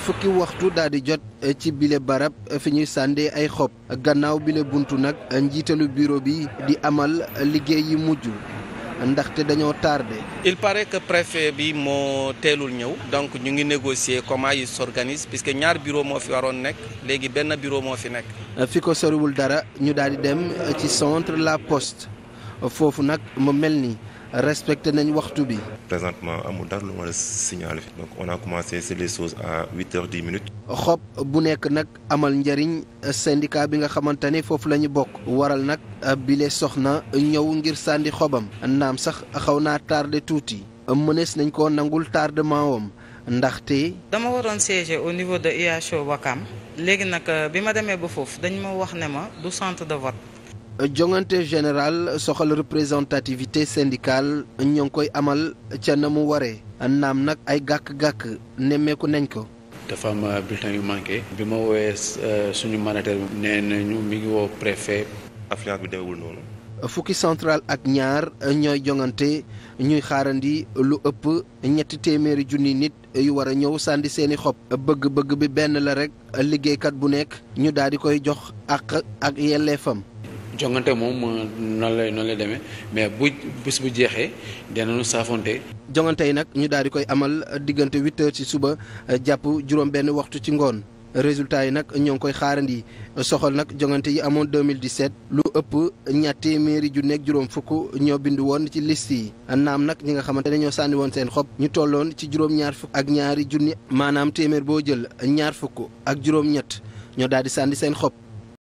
fukki waxtu daal di jot eh, ci bile barab eh, fi ñuy sàndee ay xob gannaaw bile buntu nag eh, njiitalu bureau bi di amal liggéey yi mujj ndaxte dañoo tardé. il paraît que préfet bi moo teelul ñëw donc ñu ngi négocier comment ils s'organisent puisque ñaar bureau moo fi waroon nekk léegi benn bureau moo fi nekk. fi ko soriwul dara ñu daal di dem ci centre la poste foofu nag ma mel nii. respecté nañu waxtu bi. présentement amul dara lu ma la signalé donc on a commencé c'est les choses à huit heures dix minutes. xob bu nekk nag amal njariñ syndicat bi nga xamante ne foofu la ñu bokk waral nag bile soxna ñëw ngir sànni xobam naam sax xaw naa tardé tuuti mënees nañ ko nangul tardement wam ndaxte. dama waroon siéger au niveau de IHO Wakam léegi nag bi ma demee ba foofu dañ ma wax ne ma du centre de vote. jongante général soxal représentativité syndicale ñoo koy amal ca na mu waree naam nag ay gàkk-gàkk nemmeeku nañ ko. dafa am yu manqué. bi ma woowee euh, suñu manager bi. nee nañu mi ngi woo préfet. affluence bi demewul noonu. fukki central ak ñaar ñooy jongante ñuy xaarandi lu ëpp ñetti téeméeri junni nit yu war a ñëw sànni seeni xob. bëgg-bëgg bi benn la rek liggéeykat bu nekk ñu daal di koy jox àq ak yelleefam. jongante moom euh, noonu lay noonu lay demee mais bu bés bu jeexee nu saafonte. jongante yi nag ñu daal di koy amal diggante huit heures ci suba euh, jàpp juróom-benn waxtu ci ngoon résultat yi nag ñoo ngi koy xaarandi soxal nag jongante yi amoon 2017 lu ëpp ñaar téeméeri ju nekk juróom fukk ñoo bindu woon ci liste yi naam nag ñi nga xamante ne ñoo sànni woon seen xob ñu tolloon ci juróom-ñaar fukk ak ñaari junni maanaam téeméer boo jël ñaar fukk ak juróom-ñett ñoo daal di sànni seen xob.